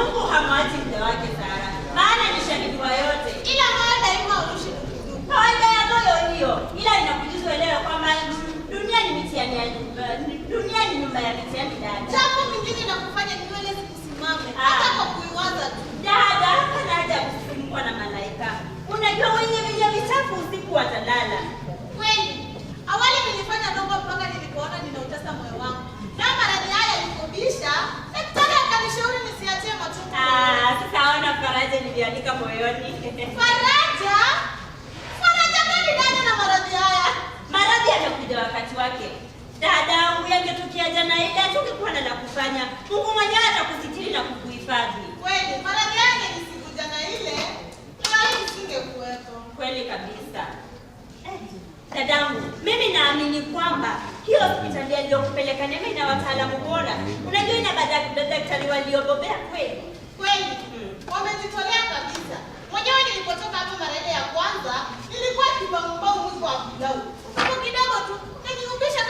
Mungu hamwachi mja wake Sara, maana ni yote, ila nayo daima uishi kawaida ya moyo hiyo, ila inakujizwa elewe kwamba dunia ni mitihani ya dunia ni nyumba ya mitihani ndani. Jambo mingine nakufanya nywele zikusimame ah. hata kwa kuiwaza tu. Dada, hapana haja ya kusukumwa na malaika. Unajua wenye vinywa vichafu usiku watalala. Kweli awali nilifanya dongo mpaka nilipoona ninautasa moyo wangu, na maradhi haya yalikobisha faraja niliandika moyoni. Faraja? Faraja gani dada na maradhi haya? Maradhi yamekuja wakati wake. Dadangu yangetokea jana ile tungekuwa na la kufanya. Mungu mwenyewe atakusitiri na kukuhifadhi. Kweli, maradhi yake ni siku jana ile. Wala isingekuwepo. Kweli kabisa. Eh, dadangu, mimi naamini kwamba hiyo hospitali aliyokupeleka Neema ina wataalamu bora. Unajua ina madaktari waliobobea kweli. Kweli wamejitolea kabisa. Mwenyewe nilipotoka hapo mara ile ya kwanza nilikuwa kibaubau mwingi wa kidogo tu nikikubisha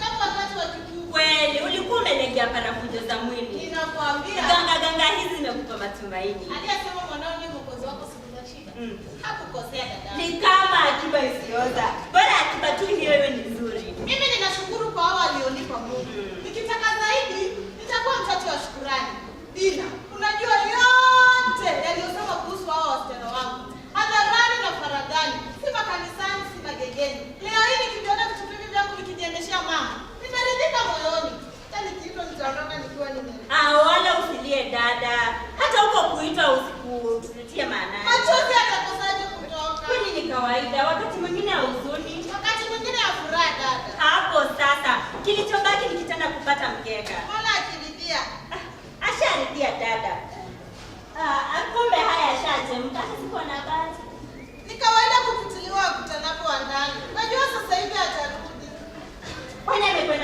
kama wakati wa kikuu. Kweli ulikuwa umelegea parafujo za mwili, ninakwambia ganga ganga hizi zimekupa matumaini. Aliyesema mwanao ni mwokozi wako siku za shida mm. hakukosea dada, ni kama akiba isioza, bora akiba tu hiyo ni nzuri. Mimi ninashukuru kwa wao walionipa Mungu mm. nikitaka zaidi nitakuwa mtoto wa shukurani dina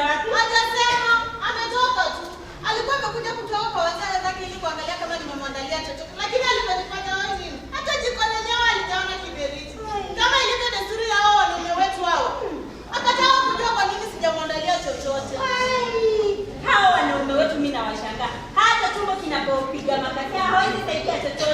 Hajasema, ametoka tu. Alikuwa amekuja kutoka kwa wazee zake ili kuangalia kama nimemwandalia chochote, lakini alipojipata wewe, hata jiko lenyewe alijaona kiberiti, kama ilivyo desturi yao wanaume wetu hao. Akataka kujua kwa nini sijamwandalia chochote. Hao wanaume wetu mimi nawashangaa, hata tumbo kinapopiga makasi hawezi saidia chochote.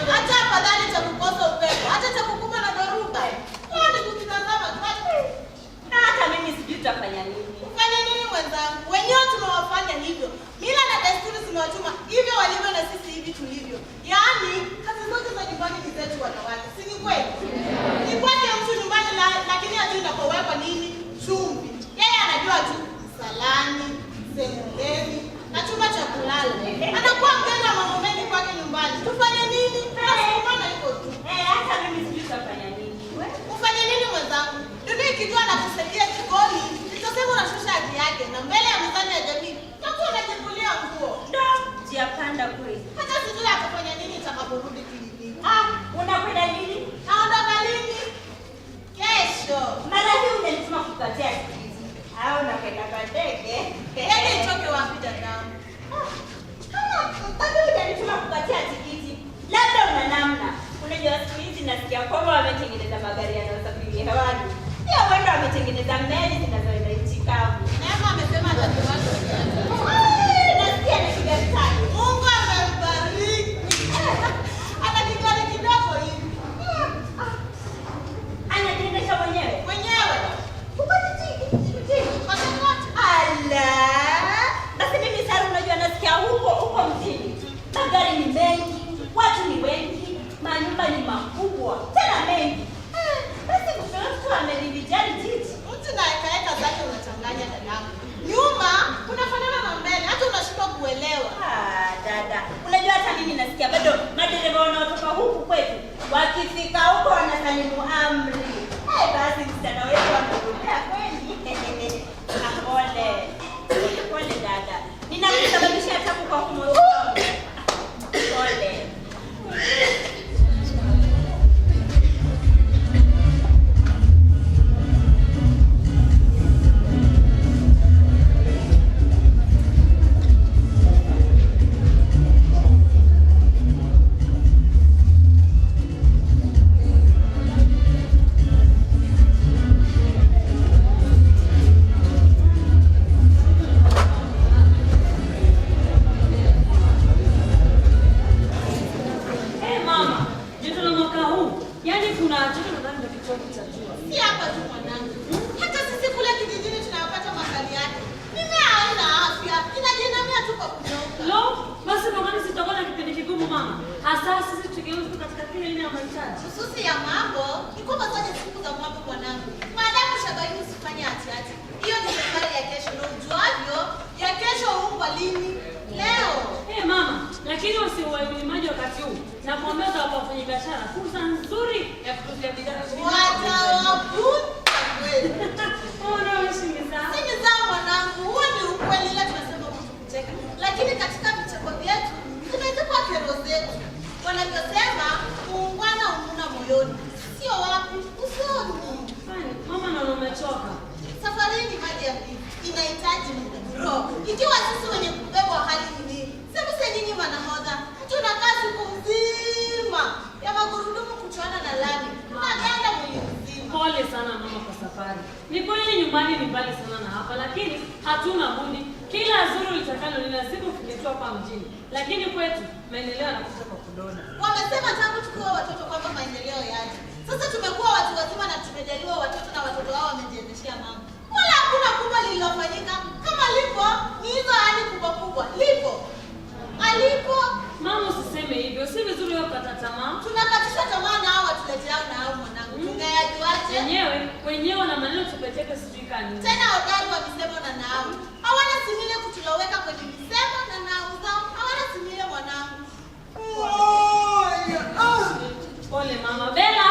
zenye ulevi na chumba cha kulala. Anakuwa mganga mambo mengi kwake nyumbani. Tufanye nini? Tunasumbuana hivyo tu. Eh, hata mimi sijui tafanya nini. Ufanye nini mwenzangu? Dunia ikijua anakusaidia jikoni, nitasema unashusha hadhi yake na mbele ya mizani ya jamii. Utakuwa unajivulia nguo. Ndio, njia kweli. Hata sijui atafanya nini itakaporudi kijijini. Ah, unakwenda automatically Jinsi ya mambo ni kwamba zote siku za mwambo mwanangu, maadamu shabaini usifanye hatihati. Hiyo ni safari ya kesho, na ujuavyo ya kesho huumbwa lini leo. hey, eh, mama, lakini usiuelimaji wakati huu na kuambeza kwa wafanyabiashara fursa nzuri ya kuuzia bidhaa watawavuta lakini katika vicheko vyetu tumetupa kero zetu wanavyosema milioni sio wapi, usoni. Mama naona umechoka. Safari ni maji ya inahitaji roho. Ikiwa sisi wenye kubebwa hali hii, sasa nyinyi wanahodha, tuna kazi kumzima ya magurudumu kuchana na lami na ganda mzima. Pole sana mama kwa safari. Ni kweli nyumbani ni mbali sana na hapa, lakini hatuna budi. Kila zuri litakalo lina siku kufikiwa kwa mjini, lakini kwetu maendeleo yanakuja Wamesema tangu tukiwa watoto kwamba maendeleo yaje. Sasa tumekuwa watu wazima na tumejaliwa watoto na watoto wao wamejiendeshea mambo. Wala hakuna kubwa lililofanyika kama lipo ni hizo hadi kubwa kubwa. Lipo. Alipo. Mama usiseme hivyo. Si vizuri wewe tamaa. Tunakatisha tamaa na hao na hao mwanangu. Mm. Wenyewe wenyewe maneno sijui kani. Tena hodari wa misemo na nao. Hawana simile kutuloweka kwenye misemo Pole mama Bella.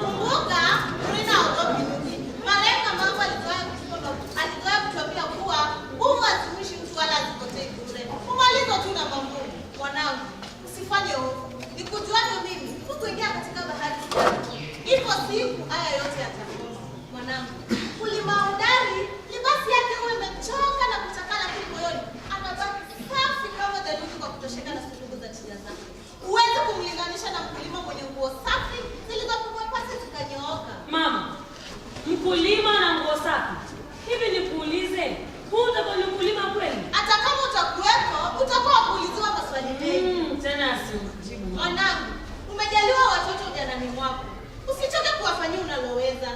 Kumbuka Mrina Odoki, marehemu mama yangu alizoea kutuambia kuwa nguvu hazitumishi mtu wala hazipotei bure. Umalizo tu na mambo. Mwanangu, usifanye hofu, nikujuavyo mimi hukuingia katika bahari, ipo siku haya yote yatakosa. Mwanangu, Huwezi kumlinganisha na mkulima mwenye nguo safi zilizo mkulima na nguo safi. Hivi nikuulize, huu utakuwa ni mkulima kweli? Hata kama utakuwepo utakuwa kuulizwa maswali hmm, mengi. Mm, tena asijibu. Mwanangu, umejaliwa watoto ujanani mwako, usichoke kuwafanyia unaloweza.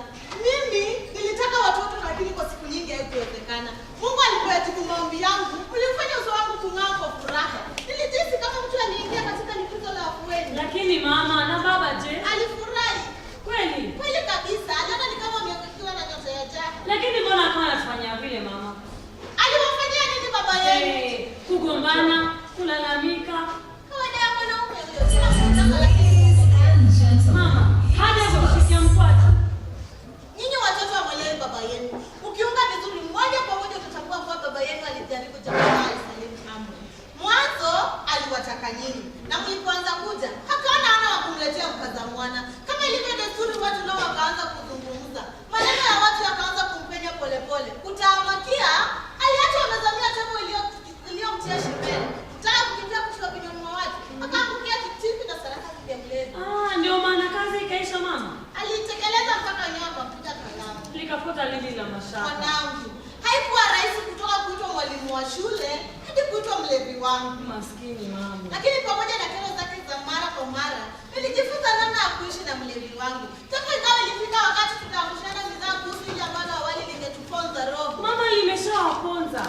wangu. Toka ingawa ilifika wakati tutaangushana mizaa kuhusu ile ambalo awali lingetuponza roho. Mama limeshawaponza.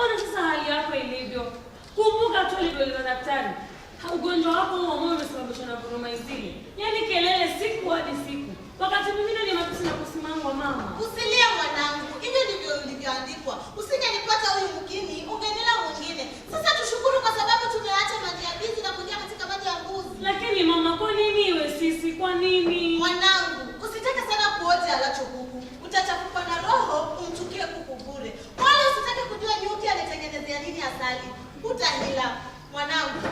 Ona sasa hali yako ilivyo. Kumbuka tu alivyoeleza daktari. Ugonjwa wako huo moyo umesababishwa na vuruma Yaani kelele siku hadi siku. Wakati mwingine ni matusi na kusimama mama. Usilie mwanangu. Hivyo ndivyo ulivyoandikwa. Usingenipata huyu mkini, ungenila mwingine. mwanangu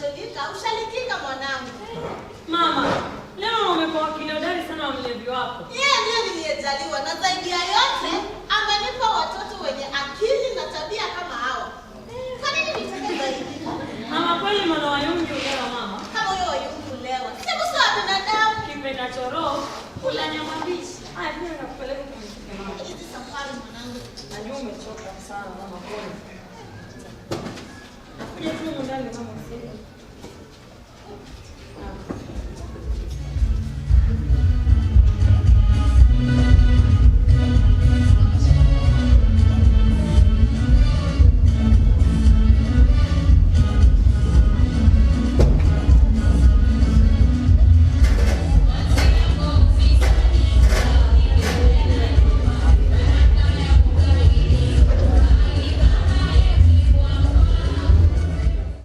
kinachojika ushalikika mwanangu. Mama, leo umekuwa kiliodari sana wa mlevi wako. Yeye ndiye niliyejaliwa na zaidi ya yote